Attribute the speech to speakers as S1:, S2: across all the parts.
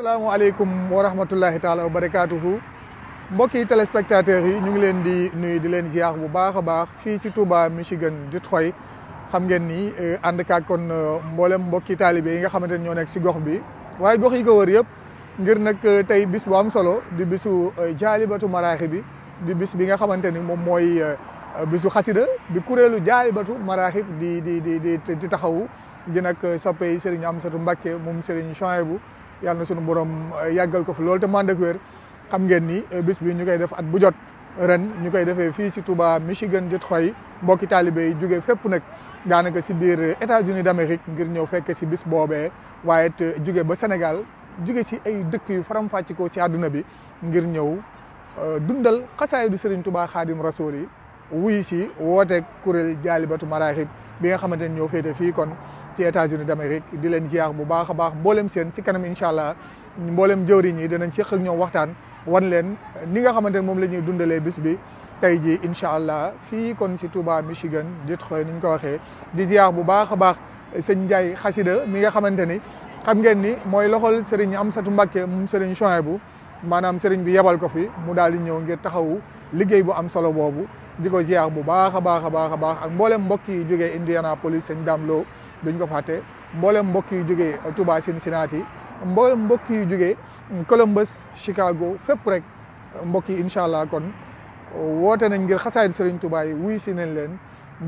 S1: asalaamaaleykum wa rahmatullahi taala wa barakaatuhu mbokki téléspectateurs yi ñu ngi leen di nuyu di leen ziar bu baax a baax fii ci Touba Michigan Detroit xam ngeen ni euh, ànd kaag kon euh, mboolem mbokki taalibe yi nga xamante ne ñoo nekk si gox bi waaye gox yi ko war yëpp ngir nag euh, tey bis bu am solo di bisu jaalibatu maraaxi bi di bis bi nga xamante ni moom mooy bisu xasida bi kuréelu jaalibatu maraaxib di di di di taxawu di nag soppe yi Serigne Amsatou Mbacké moom Serigne Chouaïbou bu yàlla na sunu borom eh, yàggal ko fi loolu te mànd ak wér xam ngeen ni eh, bis bi ñu koy def at bu jot ren ñu koy defee fii si Touba Michigan di Troy mbokki taalibe yi jóge fépp nag daanaka si biir États-Unis d'Amérique ngir ñëw fekk si bis boobee waaye te eh, jóge ba Sénégal jóge si ay dëkk yu faram-fàcce ko si àdduna bi ngir ñëw dundal xasaayidu Serigne Touba Xaadim Rasool yi wuy si wooteeg kuréel jaalibatu maraaxib bi nga xamante ne ñoo féete fii kon ci États-Unis d'Amérique di leen ziar bu baax a baax mboolem seen si kanam incha allah mboolem jëwriñ yi dinañ séq ak ñoom waxtaan wan leen ni nga xamante ne moom la ñuy dundalee bis bi tey ji incha allah fii kon si Touba Michigan Detroit ni ñu ko waxee di ziar bu baax a baax sëñ Ndiaye xasida mi nga xamante ni xam ngeen ni mooy loxol Serigne Amsatou Mbacké moom Serigne Chouaïbou maanaam Serigne bi yebal ko fi mu daal di ñëw ngir taxaw liggéey bu am solo boobu di ko ziar bu baax a baax a baax a baax ak mboolem mbokk yi jógee Indianapolis sëñ Dame Lo duñ ko fàtte mboolem mbokk yu jógee Touba Cincinnati mboolem mbokk yu jógee Columbus Chicago fépp rek mbokk yi incha allah kon woote nañ ngir xasaayu Serigne tubaay yi wuy si nañ leen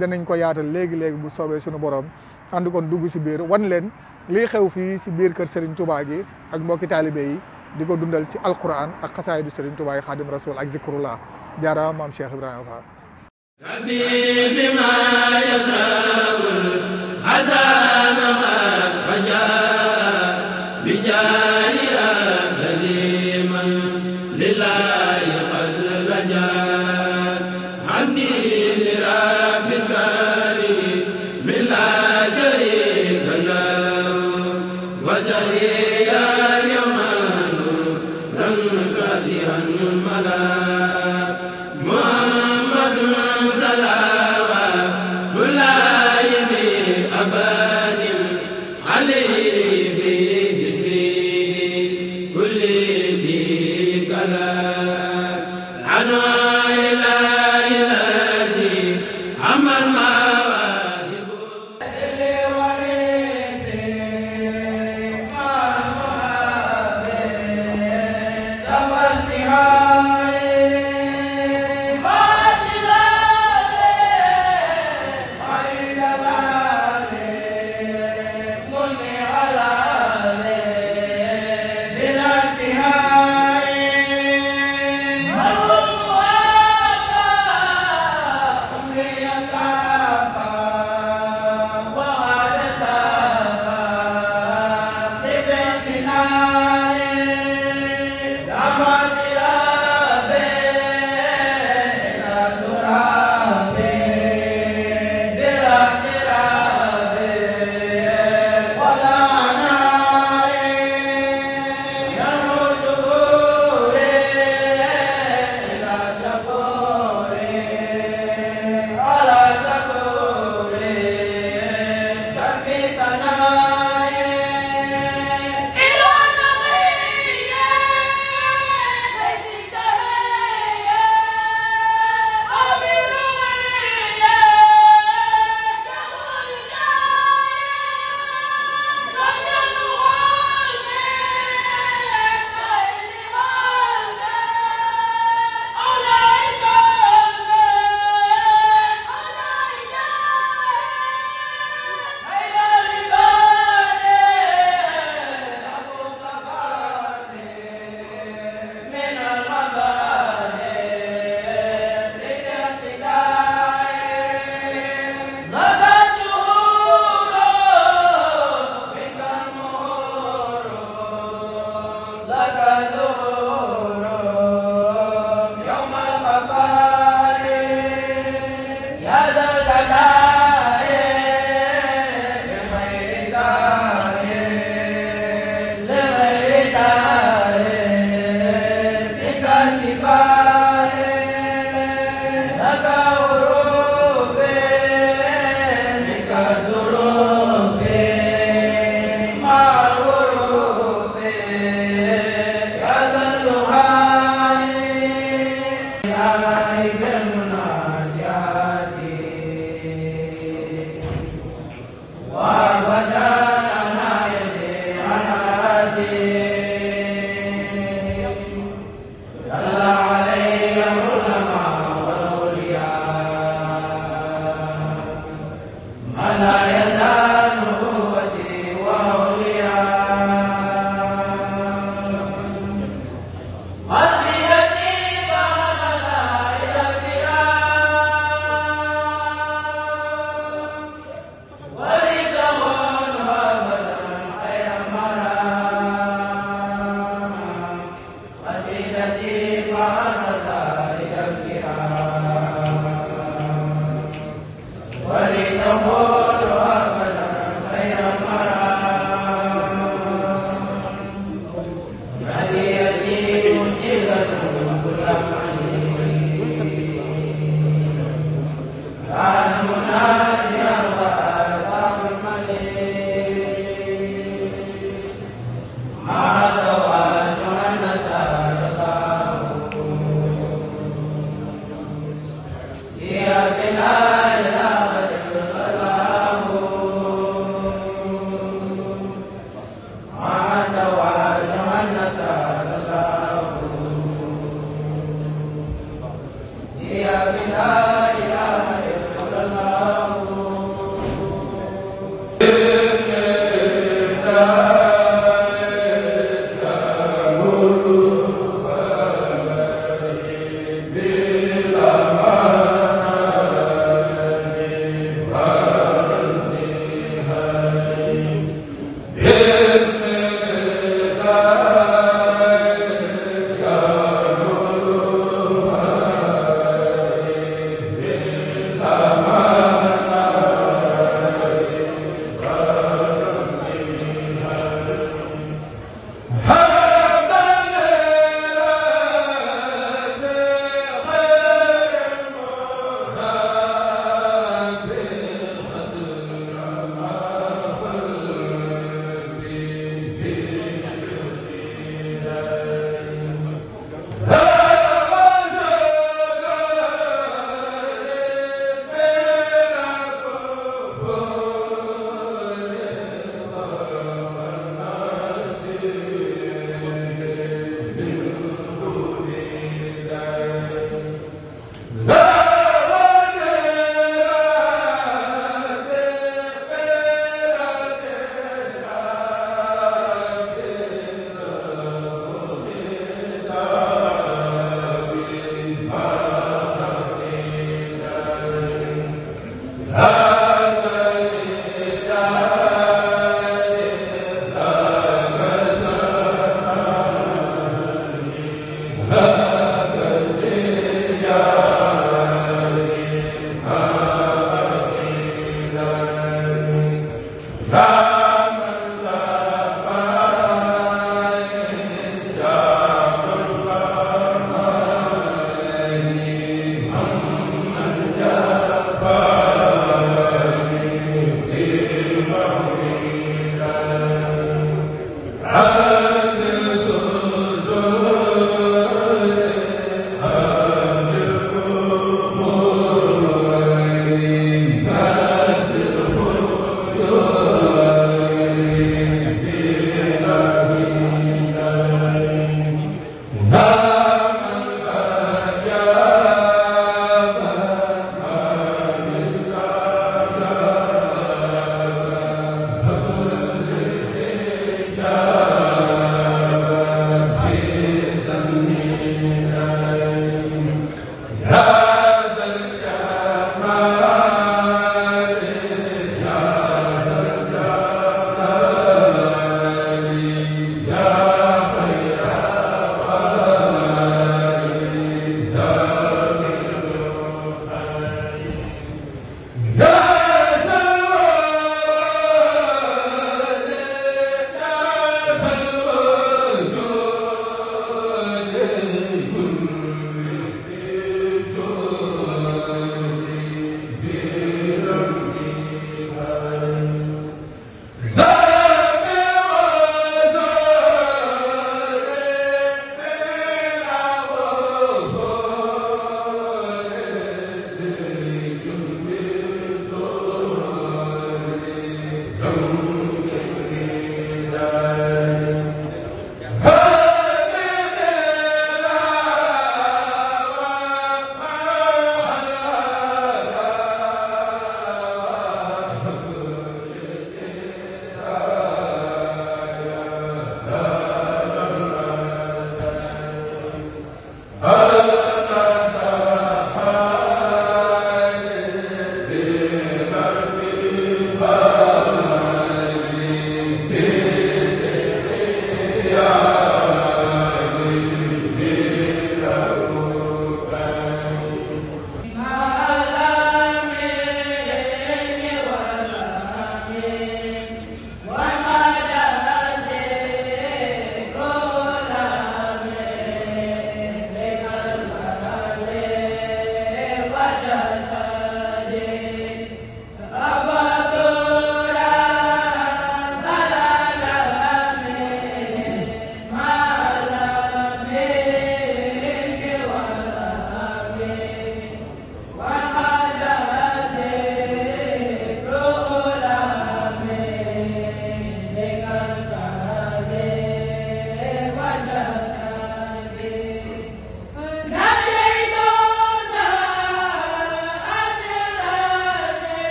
S1: danañ ko yaatal léegi léegi mu soobee suñu borom ànd kon dugg si biir wan leen lii xew fii si biir kër Serigne Touba gi ak mbokki taalibe yi di ko dundal si alquran ak xasaayu Serigne Touba yi xaadim rasul ak zikrullah jaaraama maam Cheikh Ibrahima Fall.
S2: عزاء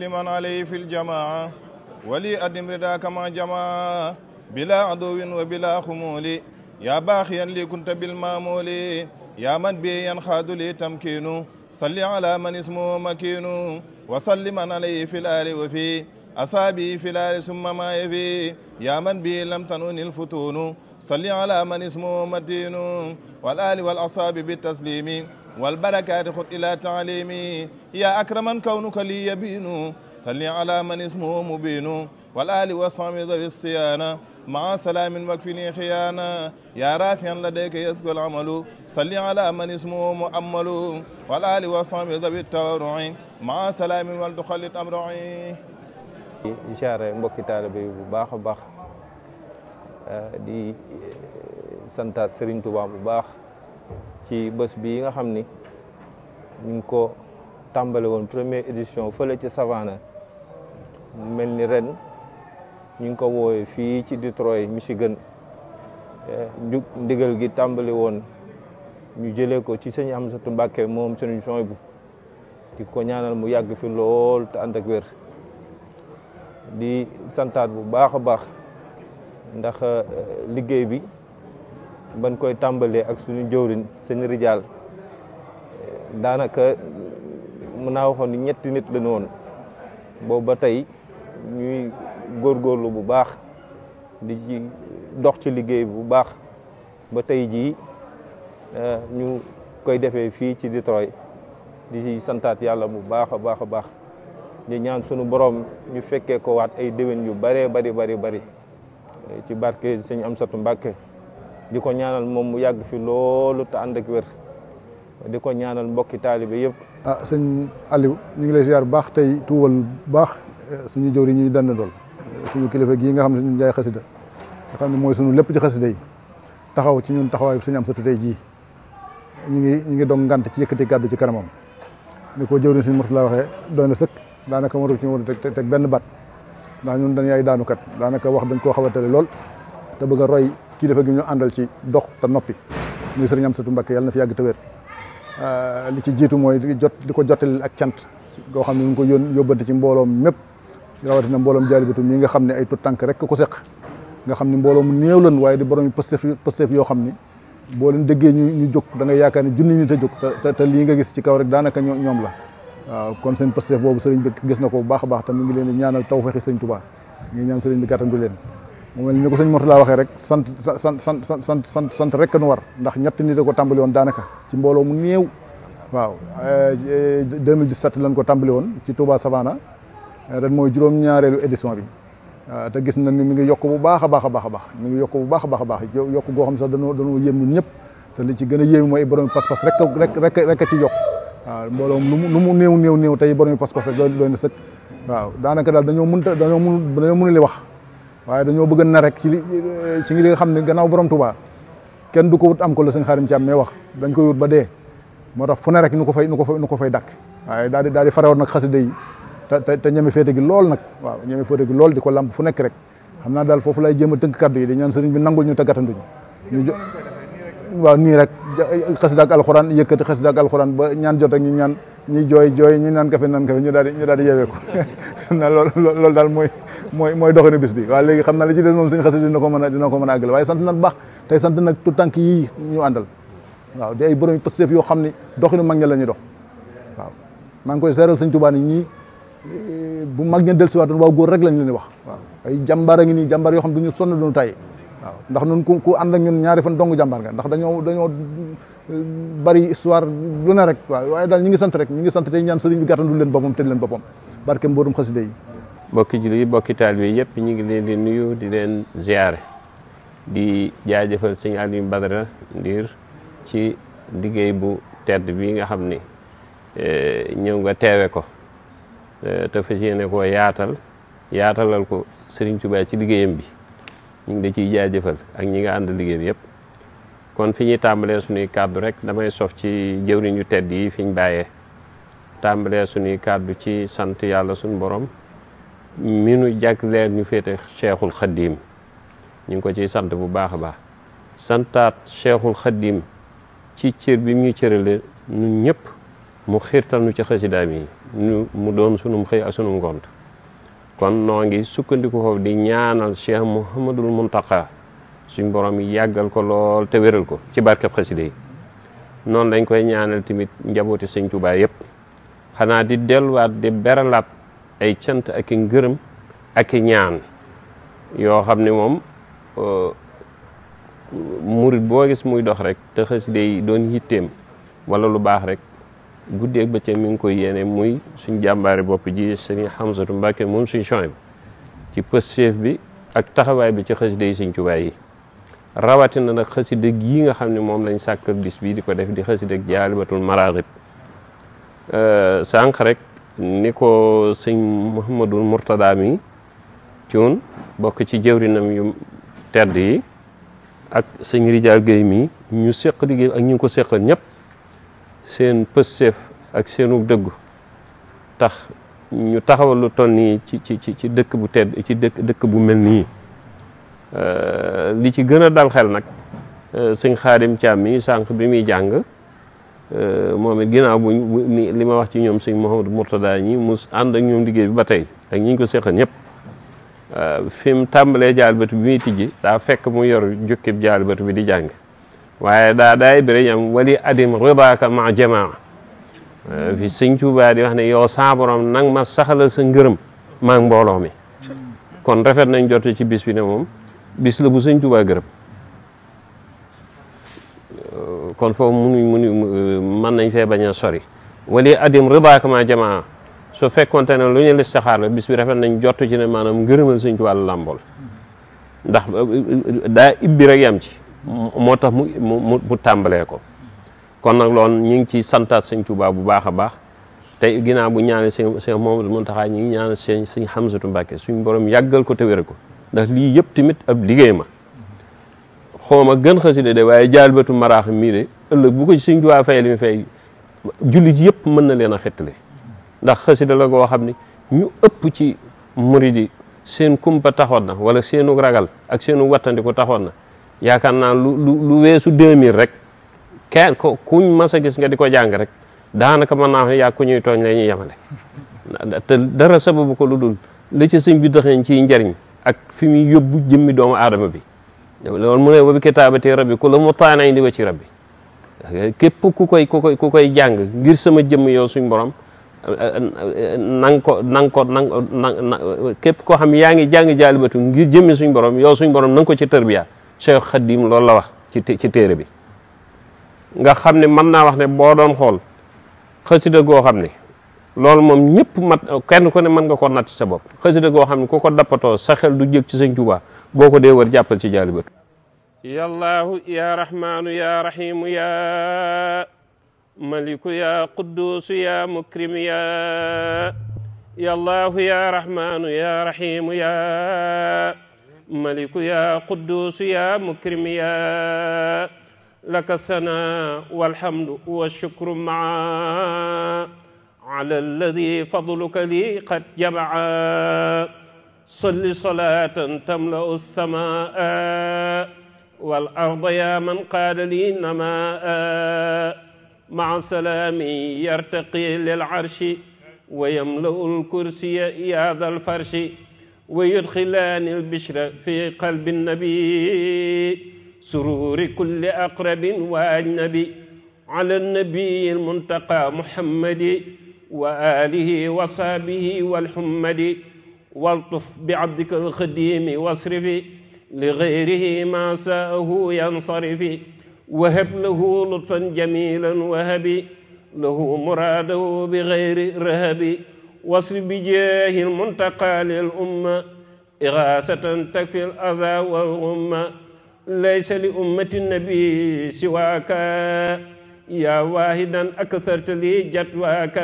S3: لمن عليه في الجماعة ولي أدم رداك مع جماعة بلا عدو وبلا خمول يا باخيا لي كنت بالمامول يا من بي ينخاد لي تمكين صل على من اسمه مكين وصل من عليه في الآل وفي أصابي في الآل ثم ما يفي يا من بي لم تنون الفتون صل على من اسمه متين والآل والأصاب بالتسليم والبركات خذ إلى تعليمي يا أكرما كونك لي يبين صل على من اسمه مبين والآل والصام ذوي الصيانة مع سلام وكفني خيانة يا رافعا لديك يذكر العمل صل على من اسمه مؤمل والآل والصام ذوي التورع مع سلام والدخل أمرعي إن شاء الله مبكي yi bu baax دي آه، سنتات سرين تبا Serigne ci bés bii nga xam ni ñu ngi ko tàmbale woon première édition fële ci Savannah mu mel ni ren ñu ngi ko woowe fii ci Detroit Michigan eh, njub ndigal gi tàmbali woon ñu jëlee ko ci sëñ Amsatu Mbàkke moom sëñ Sohaybu di ko ñaanal mu yàgg fi lool te ànd ak wér di santaat bu baax a baax ndax eh, liggéey bi ban koy tambalé ak suñu jëwriñ seen rijal danaka mën naa ni ñetti nit la woon bo ba tay ñuy gorlu bu baax di ci dox ci liggéey bu baax ba ji euh ñu koy défé fi ci Detroit di ci santat yalla bu baaxa baaxa baax ñi ñaan sunu borom ñu féké ko waat ay déwén yu bare bare, bare. bari eh, ci barke sëñ Amsatu Mbàkke di ko ñaanal moom mu yàgg fi loolu te ànd ak wér di ko ñaanal mbokki taalibe yëpp.
S4: ah sëñ Aliou ñu ngi lay ziar bu baax tey tuubal baax eh, suñu jëwri ñu dand dool suñu kilifa gii nga xam ne suñu jaay xasida nga xam ne mooy suñu lépp ci xasida yi taxaw ci ñun taxawaay bi suñu am satu jii ñu ngi ñu ngi doog ngant ci yëkkati gàddu ci kanamam ni ko jëwriñ suñu Murtala waxee doy na sëkk daanaka warul ci woon teg benn baat ndax ñun dañuy ay daanukat daanaka wax dañ koo xawatale lool te bëgg roy kilifa gi ñu àndal ci dox te noppi muy sëriñ Amsatu Mbàkke yàlla na fi yàgg te ah, li ci jiitu mooy di jot di ko jottali ak cant goo xam ne ñu ngi ko yón yóbbante ci mbooloom mépp rawatina mbooloom jaalibatu mi nga xam ne ay tut tànk rek ko seq nga xam ne mbooloo mu lan waaye di borom pësteef yoo xam ni boo leen déggee ñu ñu jóg da ngay yaakaar ne junni nit a jóg te lii nga gis ci kaw rek daanaka ñoom la waaw kon seen pësteef boobu sëriñ bi gis na ko bu baax baax te leen di ñaanal taw fexi leen mu mel ni ko sëñ Mourtala waxee rek sant sant sant sant sant sant rek nu war ndax ñetti nit a ko tàmbali woon daanaka ci mbooloo mu néew waaw 2017 eh, lañ ko tàmbali woon ci Touba Savana eh, ren mooy juróom-ñaareelu édition bi ah, te na ni mi ngi yokk bu baax a baax a baax a baax mi ngi yokk bu baax a baax a baax yokk goo xam sax danoo danoo yéem ñun ñëpp te li ci gën a yéem ah, tey borom pas-pas rek doy na sëkk waaw daanaka daal dañoo mënta dañoo mën dañoo mënuli wax waaye dañoo bëgg na rek ci li ci li nga xam ne gannaaw borom Touba kenn du ko wut am ko la sëñ Xaadim Thiam mais wax dañ koy wut ba dee moo tax fu ne rek nu ko fay nu ko fay nu ko fay dàkk waaye daal di daal di farewoon nag xasida yi te te ñeme féete lool nag waaw ñeme féete gi lool di ko làmp fu nekk rek xam naa daal foofu lay jéem a tënk kaddu yi di ñaan sëriñ bi nangul ñu tàggatanduñu ñu jo waaw nii rek xasida ak alxuraan yëkkati xasida ak alxuraan ba ñaan jot rek ñu ñaan ñi joy joy ñi nan kafe nan kafe ñu daal ñu daal yewé ko na lool lol daal moy moy moy doxinu bis bi wa légui xamna li ci dess mom suñu xasee dina ko mën dina ko sant nag bax tay sant nak tout tank yi ñu andal waaw di ay borom passef yo xamni doxinu mag dox waaw mang koy séral sëñ Tuubaa ni ñi bu del ci dellusiwaatoon waaw goor rek lañ leen wax waaw ay jambar ngi nii jàmbaar yoo xam duñu sonn duñu tay waaw ndax nun ku ku ànd ak ñun ñaari fan dong jàmbaar nga ndax dañoo dañoo eh, bari histoire lu ne rek waaw waaye daal ñi ngi sant rek ñi ngi sant tey ñaan sëriñ bi gàttandu leen boppam tëj leen boppam barke mboorum xasida yi
S5: mbokki jullit yi mbokki taalibe yi yëpp ñu ngi leen di nuyu di leen ziare di jaajëfal sëñ Aliou Badara Ndir ci liggéey bu tedd bi nga xam ni eh, ñëw nga teewe ko eh, te fas yéene koo yaatal yaatalal ko Sëriñ Tuubaa ci liggéeyam bi ñu ngi ciy ciy jaajëfal ak ñi nga ànd liggéey bi yëpp kon fi ñuy tàmbalee suñuy kàddu rek damay sof ci jëwriñ yu tedd yi fi ñu bàyyee tàmbalee suñuy kàddu ci sant yàlla suñu borom mi nu jagleel ñu féete cheikhul xaddiim ñu ngi ko ciy sant bu baax a baax santaat cheikhul xaddiim ci cër bi mu ñu cërale ñun ñëpp mu xiirtal nu ci xasidaam yi mu doon sunum xëy ak sunum ngont kon noo ngi sukkandiku foofu di ñaanal cheikh mouhamadul muntaka suñ borom yàggal ko lool te wéral ko ci barkeb xasida yi noonu lañ koy ñaanal tamit njabooti sëñ Tuubaa yëpp xanaa di delluwaat di beralaat ay cant ak i ngërëm ak ñaan yoo xam ni moom euh, murit boo gis muy dox rek te xasida yi doon yitteem wala lu baax rek guddi ak ba mi ngi koy yéene muy suñ jàmbaari bopp ji sëriñ Hamzatu Mbàkke moom suñ chong bi ci pëstéef bi ak taxawaay bi ci xasida yi sëñ Tuubaa yi rawatina nag xasida yi nga xam ne moom lañ sàkk bis bi di ko def di xasida ak jaalibatul maraaxib sànq rek ni ko sëñ Mouhamadul Mourtada mi cuun bokk ci jëwrinam yu tedd yi ak sëñ Rijaal Géey mi ñu séq liggéey ak ñu ko séqal ñëpp seen pësseef ak seenu dëggu tax ñu taxawal lu toll nii ci ci ci ci dëkk bu tedd ci dëkk dëkk bu mel nii euh, li ci gën a dal xel nag euh, sëñ xaadim Thiam mi sànq bi muy jàng euh, moom it ginnaaw bu li ma wax ci ñoom sëñ Mouhamadou Mourtada ñi mu ànd ak ñoom liggéey bi ba tey ak ñi ko seqan ñëpp fi mu tàmbalee jaalibatu bi muy tijji daa fekk mu yor jukkib jaalibatu bi di jàng waaye daa daay bira jam wali adim ridaka ma jamaa eh, fi sëñ Tuubaa di wax ne yow sa borom nang ma saxalal sa ngërëm maa ngi mbooloo mi kon rafet nañ jot ci bis bi ne moom bis la bu sëñ Tuubaa gërëm eh, kon foofu munuñ munu mën nañ fee bañ a sori wali adim ridaka maa jamaa su fekkonte ne lu ñu listixaar la bis bi rafet nañ jot ci ne maanaam ngërëmal sëñ Tuubaa làmbool ndax eh, daa ibbi rek yam ci moo tax mu mu mu tàmbalee ko kon nag loolu ñu ngi ci santaat sëñ Tuubaa bu baax a baax tey ginnaaw bu ñaanee sëñ sëñ mun Mountakha ñu ngi ñaanal sëñ sëñ Hamzatou Mbacké suñu borom yàggal ko te wér ko ndax lii yëpp tamit ab liggéey ma xooma gën xasida de waaye jaalbatu maraax mii de ëllëg bu ko sëñ Tuubaa fay li mu fay jullit yëpp mën na leen a xettali ndax xasida la goo xam ne ñu ëpp ci murid yi seen kumpa taxoon na wala seenu ragal ak seenu wattandiku taxoon na yaakaar naa lu lu lu weesu 2000 rek kenn ko kuñ mas gis nga di ko jàng rek daanaka mën naa wax yaa ku ñuy tooñ la ñuy yamale te dara sababu ko lu dul li ci sëñ bi doxee ciy njariñ ak fi muy yóbbu jëmmi doomu aadama bi loolu mu ne wa bi kitaabati rabbi ku la mu taanañ di wa ci rabbi képp ku koy ku koy ku koy jàng ngir sama jëmm yow suñ borom nang ko nang ko nang na képp koo xam yaa ngi jàng jaalibatu ngir jëmmi suñ borom yow suñ borom nang ko ci tërbiya cheikh khadim lol la wax ci ci téere bi nga xam man na wax ne bo doon xol xësida go xam lol mom ñepp mat kenn ko ne man nga ko nat ci sa bop xësida go xam ko ko dapato sa xel du jëg ci sëñ touba boko ko dee wër jàppal ci jaali bët يا الله يا رحمن يا رحيم يا ملك يا قدوس يا مكرم يا يا الله يا رحمن يا رحيم يا ملك يا قدوس يا مكرم يا لك الثناء والحمد والشكر معا على الذي فضلك لي قد جمعا صل صلاة تملأ السماء والأرض يا من قال لي نماء مع سلامي يرتقي للعرش ويملأ الكرسي يا ذا الفرش ويدخلان البشر في قلب النبي سرور كل أقرب وأجنبي على النبي المنتقى محمد وآله وصحبه والحمد والطف بعبدك الخديم واصرف لغيره ما ساءه ينصرف وهب له لطفا جميلا وهب له مراده بغير رهبي واصل بجاه المنتقى للأمة إغاثة تكفي الأذى والغمة ليس لأمة النبي سواك يا واحدا أكثرت لي جدواك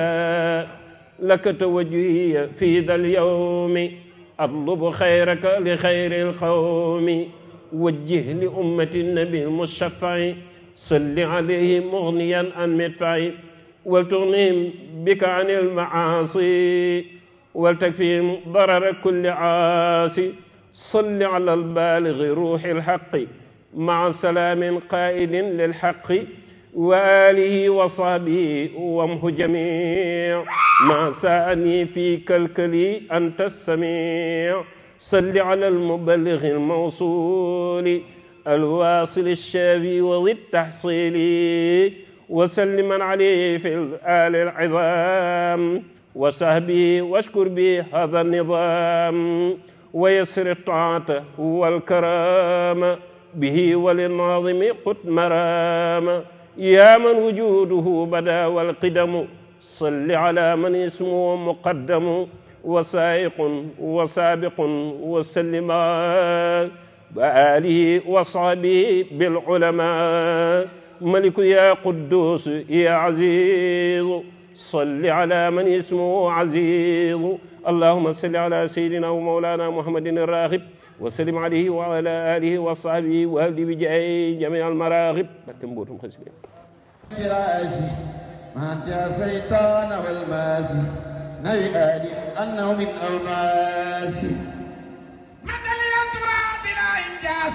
S5: لك توجهي في ذا اليوم أطلب خيرك لخير القوم وجه لأمة النبي المشفع صل عليه مغنيا عن مدفعي ولتغنيهم بك عن المعاصي ولتكفي ضرر كل عاصي صل على البالغ روح الحق مع سلام قائل للحق وآله وصحبه وامه جميع ما سأني في كلكلي أنت السميع صل على المبلغ الموصول الواصل الشافي وذي التحصيل وسلما عليه في الآل العظام وصحبه واشكر به هذا النظام ويسر الطاعة والكرام به وللناظم قد مرام يا من وجوده بدا والقدم صل على من اسمه مقدم وسائق وسابق وسلم بآله وصحبه بالعلماء ملك يا قدوس يا عزيز صل على من اسمه عزيز اللهم صل على سيدنا ومولانا محمد الراغب وسلم عليه وعلى آله وصحبه واهل بجاه جميع المراغب لكن بوتم خسرين
S6: ما أنت سيطان والماسي نبي أنه من بلا إنجاز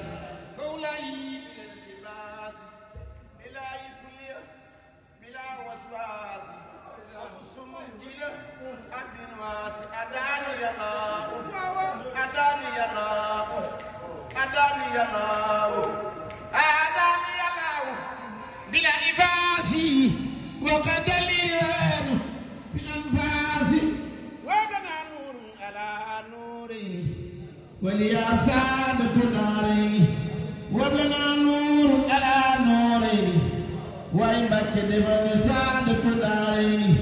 S6: وليا سادة النارين وابلنا نور على نورين وإن بك دفن سادة النارين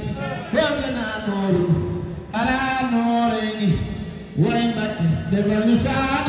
S6: وابلنا نور على نورين وإن بك دفن سادة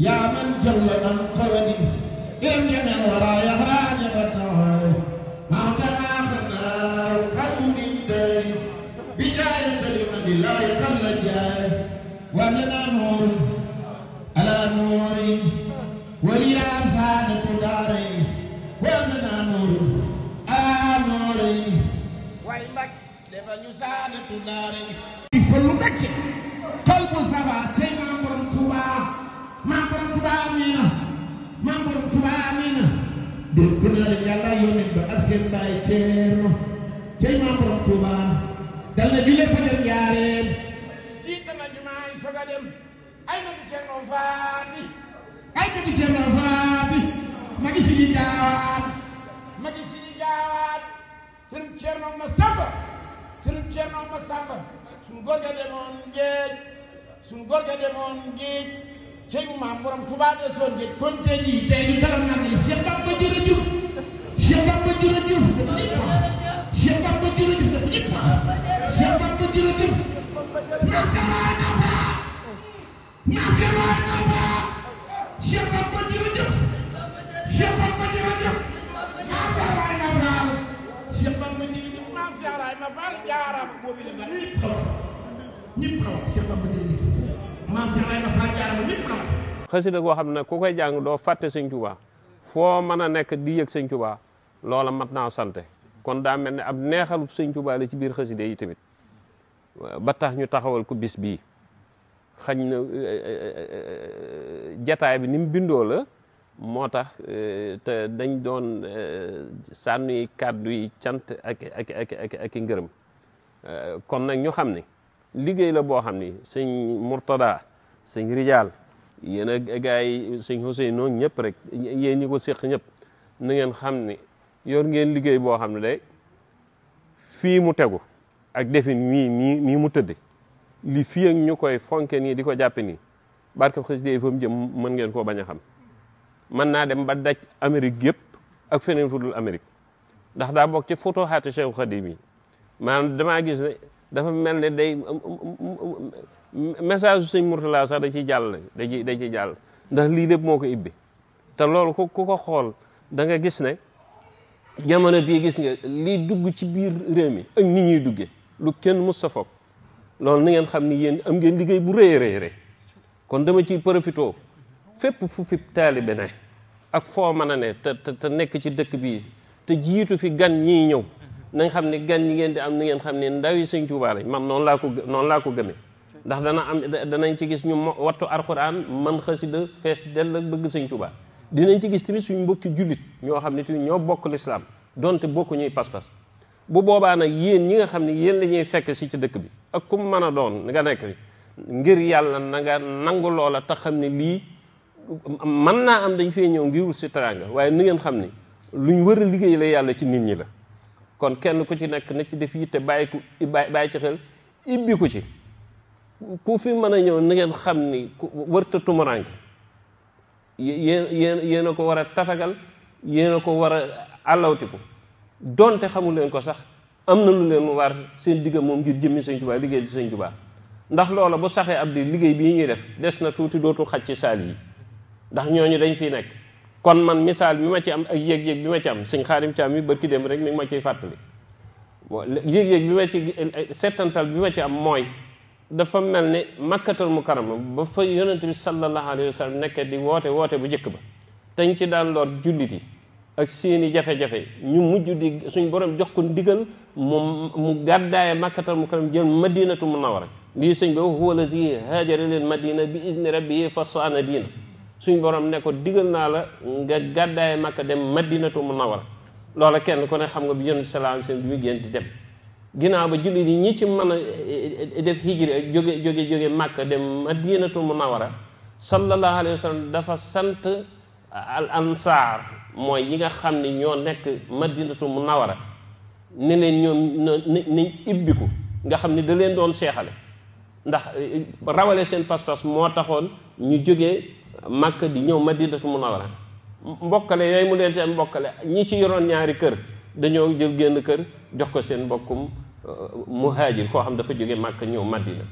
S6: يا من جل من قودي إرم يمن ورايا هاني بدنوي ما بلاخنا خير الدين بجاية كلمة الله يتم جاي ومن نور على نور وليا سادة داري ومن نور على نور وإنك لفن سادة داري فلو بكي قلب سبع تمام maam borom Tuubaa nee na dégg ku ne yàlla yónnit ba ak seen baay Ceerno tey maam borom Tuubaa dal na julee fa dem njaareen jiite na jumaay soga dem ay ma di Ceerno faati ay ma di Ceerno faati di ma ngi si di jaawaat sëriñ Ceerno ma samba sëriñ Ceerno ma samba suñ góor ga demoon géej suñ góor ga demoon cey ma borom Touba de son je konteji tey ñu taram naan yi Cheikh Bamba jërëjëf Cheikh Bamba jërëjëf dafa ñëpp ma faal jaaram boobu la ñëpp maam Cheikh Ibrahima
S5: xam ne ku koy jàng doo fàtte sëñ Tuubaa foo mën a nekk di yëg sëñ Tuubaa loola mat naa sante kon daa mel ni ab neexalu sëñ Tuubaa la ci biir xasida yi tamit ba tax ñu taxawal ko bis bii xañ na eh, eh, eh, jataay bi ni mu bindoo la moo tax te dañ doon sànni kàddu yi cant ak ak ak ak ak ngërëm kon nag ñu xam ne liggéey la boo xam ni sëñ Murtada sëñ Rijaal yéen a gars yi sëñ Hussein noonu ñëpp rek yéen ñi ko séq ñëpp na ngeen xam ni yoor ngeen liggéey boo xam ne day fii mu tegu ak defin nii nii nii mu tëdde li fii ak ñu koy fonke nii di ko jàppe nii barke xasida yi fa mu jëm mën ngeen koo bañ a xam mën naa dem ba daj Amérique yëpp ak feneen fu dul Amérique ndax daa bokk ci photo xaati Cheikh Khadim yi maanaam damaa dafa mel ne day message sëñ Mourtala da ciy jàll da ci da ciy jàll ndax lii lépp moo ko ibbi te loolu ku ku ko xool da nga gis ne jamono bii gis nga lii dugg ci biir réew mi ak ni ñuy duggee lu kenn musta a foog loolu na ngeen xam ni yéen am ngeen liggéey bu rëy rëy rëy kon dama ciy profité fépp fu fi taalibe ne ak foo mën ne te nekk ci dëkk bii te jiitu fi gan ñii ñëw na xam ne gan ñi ngeen di am na ngeen xam ne ndaw yi sëñ Tuubaa lañ man noonu laa ko noonu laa ko gëmee ndax dana am danañ ci gis ñu mo wattu alxuraan man xasida fees dell ak bëgg sañ Tuubaa dinañ ci gis tamit suñ mbokki jullit ñoo xam ne tamit ñoo bokk lislaam donte bokku ñuy pas-pas bu boobaa nag yéen ñi nga xam ne yéen lañuy ñuy fekk si ci dëkk bi ak ku mu mën a doon nga nekk ngir yàlla na nga nangu loola te xam ne lii mën naa am dañ fee ñëw ngir wut si waaye ni ngeen xam ne luñ war a liggéey yàlla ci nit ñi la kon kenn ku ci nekk na ci def yitte bàyyi ku bàyyi ci xel ibbi ku ci ku fi mën a ñëw na ngeen xam ni wërta tumuranke yéen yéen yéen a ko war a tatagal yéen a ko war a ko donte xamul leen ko sax am na lu leen waar seen digga moom ngir jëmmi sëñ Tuubaa liggéey di sëñ Tuubaa ndax loola bu saxee ab di liggéey bii ñuy def des na tuuti dootul xaj ci saal yi ndax ñooñu dañ fi nekk kon man misal bima ci am ak yeg yeg bima ci am seigne khadim ci am yi bërki dem rek ni ma cey fatali yeg yeg bima ci setantal bima ci am moy dafa mel ne makkatul mukarram ba fa yonente bi sallallahu alayhi wasallam sallam di wote wote bu jek ba tan ci dal lor juliti ak seeni jafe-jafe ñu mujju di suñ borom jox ko ndigal mu mu gàddaaye makkatal mukarram jël madinatu munawara lii sëñ ba huwa lazi haajara lil madina bi izni rabbihi fasaana diina suñ borom ne ko digal naa la nga gàddaay Makka dem Madinatu Munawwara loola kenn ku ne xam nga bi yonent sallallahu alayhi wasallam bi génn di dem ginnaaw ba jullit yi ñi ci mën a eh, eh, eh, def hijra jóge jóge jóge Makka dem Madinatu Munawwara sallallahu alayhi wasallam dafa sant al ansaar mooy ñi nga xam ni ñoo nekk Madinatu Munawwara ne leen ñoom nañ ibbiku nga xam ni da leen doon seexale ndax rawale seen pas-pas moo taxoon ñu jóge màkk di ñëw madinatu munawara mbokkale yooyu mu leen seen mbokkale ñi ci yoroon ñaari kër dañoo jël génn kër jox ko seen mbokkum uh, muhaajir koo xam dafa jóge màkk ñëw madina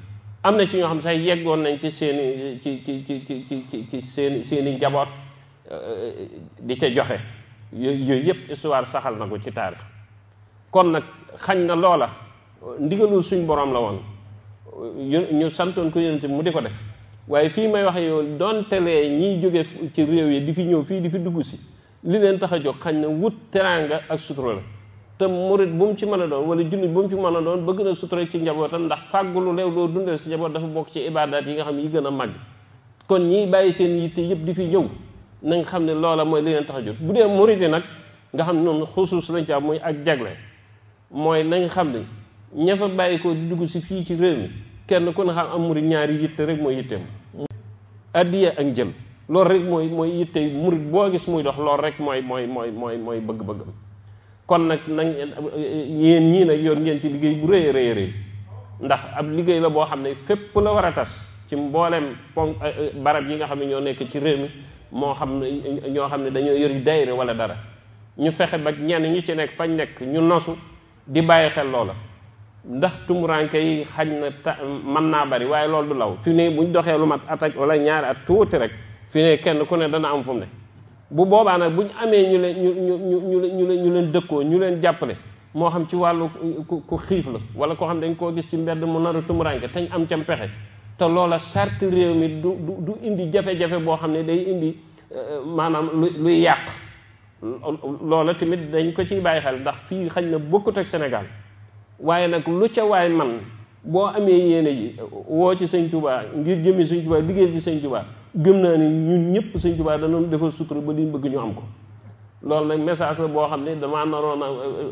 S5: am na ci ñoo xam sax yeggoon nañ ci seeni ci ci ci ci ci ci seeni seeni njaboot uh, di ca joxe yooyu yëpp histoire saxal na ko ci taarix kon nag xañ na loola ndigalul suñ borom la woon ñu santoon ko yonent mu di ko def waaye fii may wax yow donte lee ñiy jóge ci réew yi di fi ñëw fii di fi dugg si li leen tax a jóg xañ na wut teraanga ak sutura la te murit bu mu ci mën a doon wala jullit bu mu ci mën a doon bëgg na sutura ci njabootam ndax fàggulu leew loo dundee si njaboot dafa bokk ci ibaadaat yi nga xam yi gën a kon ñiy bàyyi seen yitte yëpp di fi ñëw na xam ne loola mooy li leen tax a jóg bu dee murit yi nag nga xam noonu xusuus lañ ci am muy ak jagle mooy nañ xam ne ña fa bàyyi ko di dugg si fii ci réew mi kenn ku na xam am murid ñaari yitte rek moy yitteem adiya ak jël loolu rek moy moy yitte murid bo gis muy dox loolu rek moy moy moy moy moy bëgg-bëggam kon nak nang yéen ñii nag yoon ngeen ci liggey bu reey reey reey ndax ab liggey la bo xamne fepp la wara tass ci mbollem eh, eh, barab yi nga xam ño nek ci reew mi mo xam ño yori dayre wala dara ñu fexé ba ñen ñu ci nek fañ nek ñu nosu di baye xel loola ndax tumuranke yi xaj na ta mën naa bari waaye loolu du law fi ne buñ doxee lu mat at ak wala ñaari at tuuti rek fi ne kenn ku ne dana am fu mu ne bu boobaa nag buñ amee ñu leen ñu ñu ñu ñu ñu leen dëkkoo ñu leen jàppale moo xam ci wàllu ku ku xiif la wala koo xam dañ koo gis ci mbedd mu nar a tumuranke teñ am cam pexe te loola charte réew mi du du du indi jafe-jafe boo xam ne day indi euh, maanaam lu luy yàq loola tamit dañ ko ciy bàyyi xel ndax fii xañ na bokkut ak Sénégal waaye nag lu ca waay man boo amee yéene ji woo ci sëñ tubaa ngir jëmee sëñ tubaa liggéey ci sëñ tubaa gëm naa ni ñun ñëpp sëñ tubaa danoon defal sutura ba liñ bëgg ñu am ko loolu nag message la boo xam ne damaa naroon a euh, euh,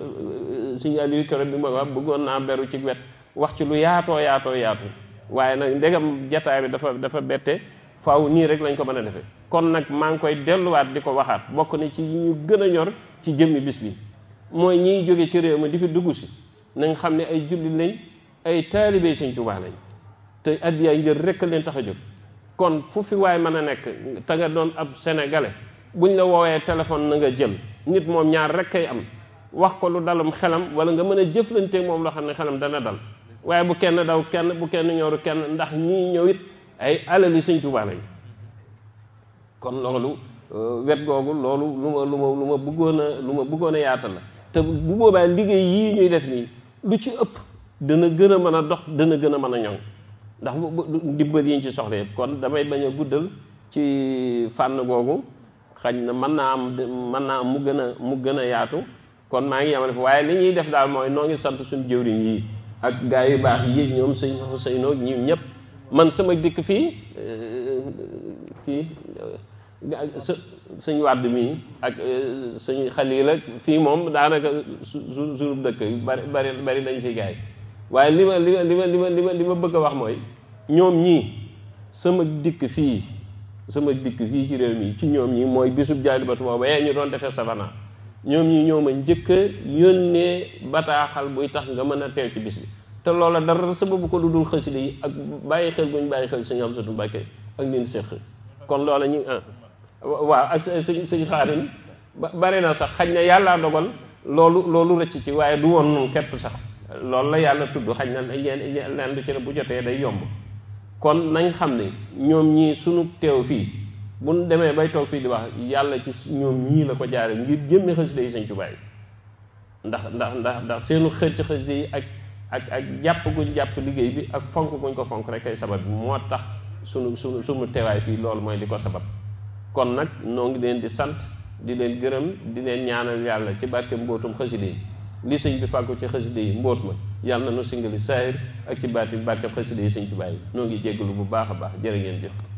S5: euh, sëñ Aliou keroog bi ma wax bëggoon naa beru ci wet wax ci lu yaatoo yaatoo yaatu waaye nag ndegam jataay bi dafa dafa bette faaw nii rek lañ ko mën a defee kon nag maa ngi koy delluwaat di ko waxaat bokk na ci ñu gën a ñor ci jëmm bis mooy ñiy jóge ci réew mi di fi dugg si nañ xam ne ay jullit lañ ay taalibe sëñ Tuubaa lañ te addiyaay ngir rekk leen tax a jóg kon fu fi waay mën a nekk te nga doon ab sénégalais buñ la woowee téléphone na nga jël nit moom ñaar rek ay am wax ko lu dalum xelam wala nga mën a jëflanteeg moom loo xam ne xelam dana dal waaye bu kenn daw kenn bu kenn ñooru kenn ndax ñii ñëw it ay alali sëñ Tuubaa lañ kon loolu euh, wet googu loolu lu ma lu ma lu ma bëggoon a lu ma bëggoon a yaatal la te bu boobaa liggéey yii ñuy def lu ci ëpp dana gën a mën a dox dana gën a mën a ñoŋ ndax ndimbal yi ñu ci soxla kon damay bañ a guddal ci fànn googu xañ na mën naa am mën naa am mu gën a mu gën a yaatu kon maa ngi yemale fa waaye li ñuy def daal mooy noo ngi sant suñ jëwriñ yii ak gaa yu baax yii ñoom sëñ Ousseynou ñi ñëpp man sama dikk fii fii euh, sa sëñ wàdd mii ak eh, sëñ xalil ak fii moom daanaka su su dëkk yu bari bari bari dañ fi gaay waaye li ma li ma li ma li ma li ma li ma bëgg a wax mooy ñoom ñii sama dikk fii sama dikk fii ci réew mi ci ñoom ñi mooy bisub jaalibatu moo ba ñu doon defee savana ñoom ñi ñoo ma njëkk a yónnee bataaxal buy tax nga mën a teew ci bis bi te loola dara sababu ko dudul xasida yi ak bàyyi xel guñ bàyyi xel sëñ Amsatu Mbàkke ak nin séq kon loola ñu ah waaw ak sëñ sëñ xaarim bare na sax xañ na yàlla dogal loolu loolu rëcc ci waaye du woon noonu képp sax loolu la yàlla tudd xañ na ñeen leen lu ci ne bu jotee day yomb kon nañ xam ne ñoom ñii sunu teew fii bu nu demee bay toog fii di wax yàlla ci ñoom ñii la ko jaaree ngir jëmmi xasida yi sëñ Tuubaa yi ndax ndax ndax ndax seenu xër yi ak ak ak jàpp guñ jàpp liggéey bi ak fonk guñ ko fonk rek ay sabab bi moo tax sunu sunu sunu teewaay fii loolu mooy li ko sabab kon nag noo ngi leen di sant di leen gërëm di leen ñaanal yàlla ci barke mbootum xasida yi li sëñ bi fàggu ci xasida yi mbóot ma yàlla na nu singali saayir ak ci baati barke xasida yi sëñ ci bàyyi noo ngi lu bu baax a baax jërë ngeen jëf